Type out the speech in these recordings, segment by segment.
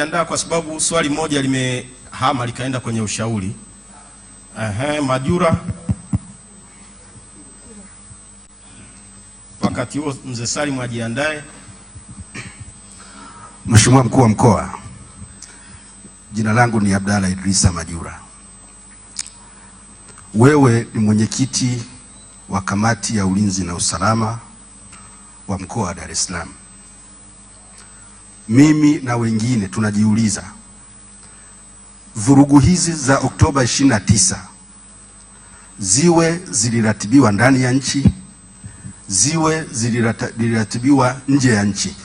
nilijiandaa kwa sababu swali moja limehama likaenda kwenye ushauri. Ehe, Majura. Wakati huo mzee Salim ajiandae. Mheshimiwa mkuu wa mkoa, jina langu ni Abdalla Idrisa Majura. Wewe ni mwenyekiti wa kamati ya ulinzi na usalama wa mkoa wa Dar es Salaam mimi na wengine tunajiuliza, vurugu hizi za Oktoba 29 ziwe ziliratibiwa ndani ya nchi, ziwe ziliratibiwa nje ya nchi,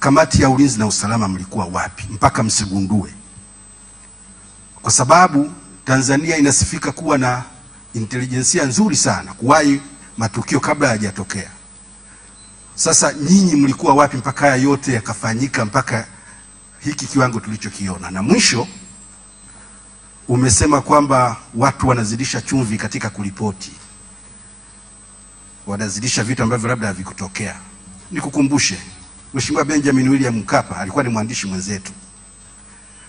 kamati ya ulinzi na usalama mlikuwa wapi mpaka msigundue? Kwa sababu Tanzania inasifika kuwa na intelijensia nzuri sana kuwahi matukio kabla hayajatokea. Sasa nyinyi mlikuwa wapi mpaka haya yote yakafanyika mpaka hiki kiwango tulichokiona? Na mwisho umesema kwamba watu wanazidisha chumvi katika kuripoti, wanazidisha vitu ambavyo labda havikutokea. Nikukumbushe, Mheshimiwa Benjamin William Mkapa alikuwa ni mwandishi mwenzetu,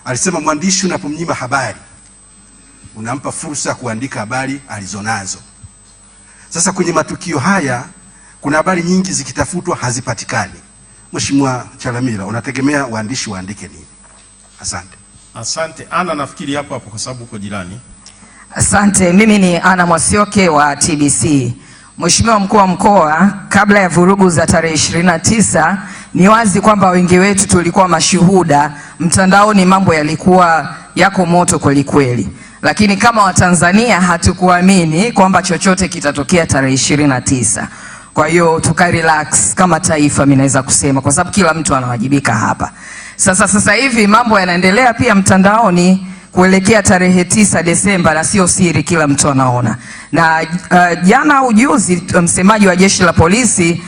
alisema mwandishi unapomnyima habari unampa fursa ya kuandika habari alizonazo. Sasa kwenye matukio haya kuna habari nyingi zikitafutwa hazipatikani. Mheshimiwa Chalamila, unategemea waandishi waandike nini? Asante. Asante Ana, nafikiri hapo hapo kwa sababu uko jirani. Asante, mimi ni Ana Mwasioke wa TBC. Mheshimiwa mkuu wa mkoa, kabla ya vurugu za tarehe ishirini na tisa ni wazi kwamba wengi wetu tulikuwa mashuhuda mtandaoni, mambo yalikuwa yako moto kwelikweli, lakini kama Watanzania hatukuamini kwamba chochote kitatokea tarehe ishirini na tisa. Kwa hiyo tuka relax kama taifa, mimi naweza kusema kwa sababu kila mtu anawajibika hapa. Sasa sasa hivi mambo yanaendelea pia mtandaoni kuelekea tarehe tisa Desemba, na sio siri, kila mtu anaona. Na uh, jana ujuzi, msemaji wa jeshi la polisi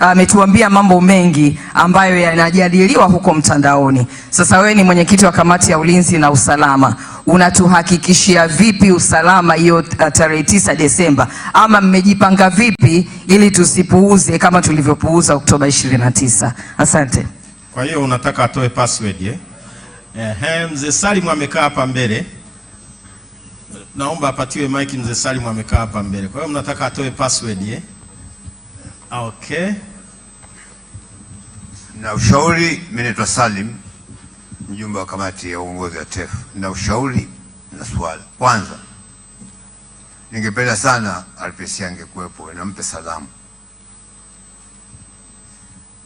ametuambia mambo mengi ambayo yanajadiliwa huko mtandaoni. Sasa wewe ni mwenyekiti wa kamati ya ulinzi na usalama unatuhakikishia vipi usalama hiyo uh, tarehe tisa Desemba, ama mmejipanga vipi ili tusipuuze kama tulivyopuuza Oktoba 29? Asante. Kwa hiyo unataka atoe password eh? Eh, mzee Salim amekaa hapa mbele, naomba apatiwe mic. Mzee Salim amekaa hapa mbele, kwa hiyo mnataka atoe password eh? Okay, na ushauri. Mimi naitwa Salim mjumbe wa kamati ya uongozi wa TEF na ushauri na swali. Kwanza, ningependa sana RPC angekuwepo, nampe salamu.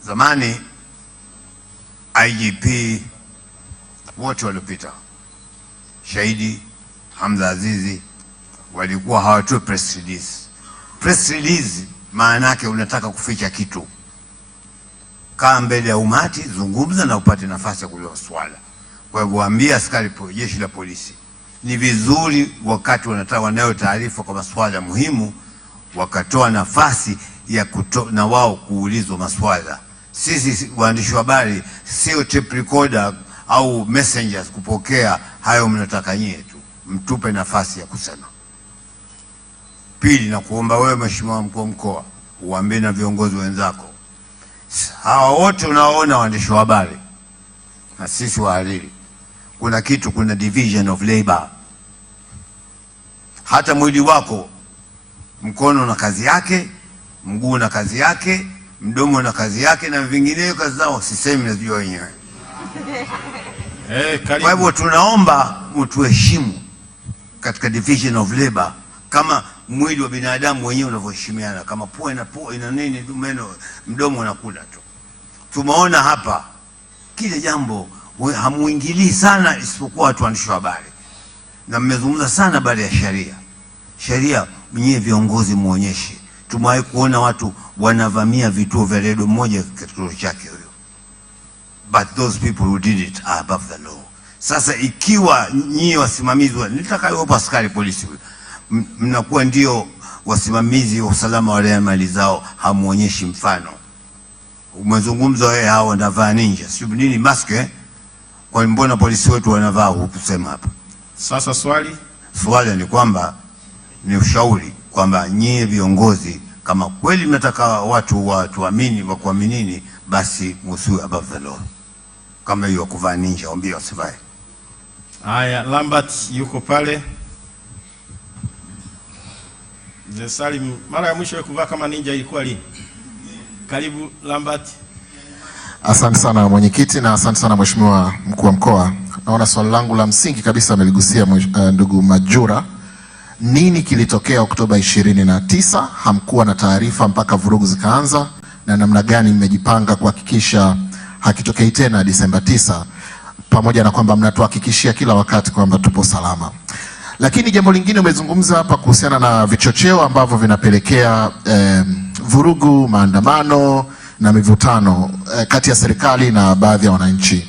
Zamani IGP wote waliopita, Shahidi Hamza Azizi, walikuwa hawatoe press release. Press release maana yake unataka kuficha kitu kaa mbele ya umati, zungumza na upate nafasi ya kuliwa swala. Kwa hivyo waambie askari jeshi la polisi, ni vizuri wakati wanataka wanayo taarifa kwa masuala muhimu wakatoa nafasi ya kuto, na wao kuulizwa maswala. Sisi waandishi wa habari sio tape recorder au messengers kupokea hayo mnataka nyie tu, mtupe nafasi ya kusema. Pili, na kuomba wewe Mheshimiwa mkuu wa mkoa uambie na viongozi wenzako hawa wote unaoona waandishi wa habari na sisi wahariri, kuna kitu, kuna division of labor. Hata mwili wako, mkono na kazi yake, mguu na kazi yake, mdomo na kazi yake, na vingineyo kazi zao, sisemi, nazijua wenyewe. Eh, kwa hivyo tunaomba mtuheshimu katika division of labor kama mwili wa binadamu wenyewe unavyoheshimiana, kama pua na pua ina nini, meno mdomo unakula tu. Tumeona hapa kile jambo hamuingilii sana, isipokuwa watu waandishi wa habari, na mmezungumza sana baada ya sheria. Sheria mwenyewe viongozi muonyeshe. Tumewahi kuona watu wanavamia vituo vya redio moja kituo chake huyo, but those people who did it are above the law. Sasa ikiwa nyie wasimamizi, nitakayopa askari polisi huyo mnakuwa ndio wasimamizi wa usalama wale mali zao, hamuonyeshi mfano. Umezungumza wewe, hao wanavaa ninja sio nini maske, eh? kwa mbona polisi wetu wanavaa? Hukusema hapa sasa. Swali swali ni kwamba ni ushauri kwamba nyie viongozi, kama kweli mnataka watu watuamini wakuaminini, basi musiwe above the law kama hiyo kuvaa ninja, waambie wasivae. Haya, Lambert yuko pale. Mzee Salim, mara ya mwisho kuvaa kama ninja ilikuwa lini? Karibu Lambert. Asante sana mwenyekiti, na asante sana mheshimiwa mkuu wa mkoa. Naona swali langu la msingi kabisa ameligusia uh, ndugu Majura. Nini kilitokea Oktoba 29? Hamkuwa na taarifa mpaka vurugu zikaanza, na namna gani mmejipanga kuhakikisha hakitokei tena Disemba 9, pamoja na kwamba mnatuhakikishia kila wakati kwamba tupo salama? Lakini jambo lingine umezungumza hapa kuhusiana na vichocheo ambavyo vinapelekea eh, vurugu, maandamano na mivutano eh, kati ya serikali na baadhi ya wananchi.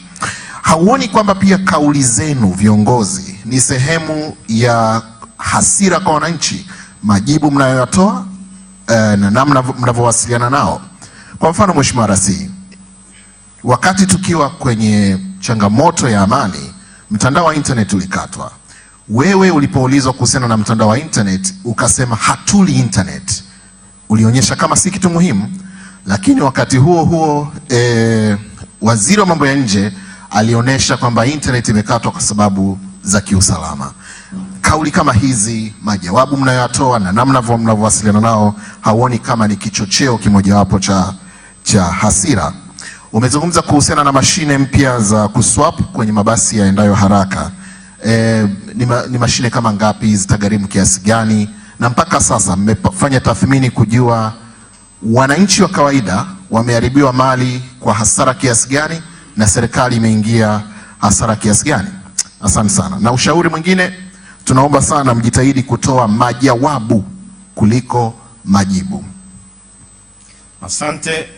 Hauoni kwamba pia kauli zenu viongozi ni sehemu ya hasira kwa wananchi, majibu mnayoyatoa eh, na namna mnavyowasiliana nao? Kwa mfano, Mheshimiwa Rais, wakati tukiwa kwenye changamoto ya amani, mtandao wa internet ulikatwa wewe ulipoulizwa kuhusiana na mtandao wa internet ukasema hatuli internet, ulionyesha kama si kitu muhimu, lakini wakati huo huo e, waziri wa mambo ya nje alionyesha kwamba internet imekatwa kwa sababu za kiusalama. Kauli kama hizi, majawabu mnayoyatoa na namna mnavyowasiliana nao, hauoni kama ni kichocheo kimojawapo cha, cha hasira? Umezungumza kuhusiana na mashine mpya za kuswap kwenye mabasi yaendayo haraka. Eh, ni, ma, ni mashine kama ngapi, zitagharimu kiasi gani, na mpaka sasa mmefanya tathmini kujua wananchi wa kawaida wameharibiwa mali kwa hasara kiasi gani na serikali imeingia hasara kiasi gani? Asante sana. Na ushauri mwingine, tunaomba sana mjitahidi kutoa majawabu kuliko majibu. Asante.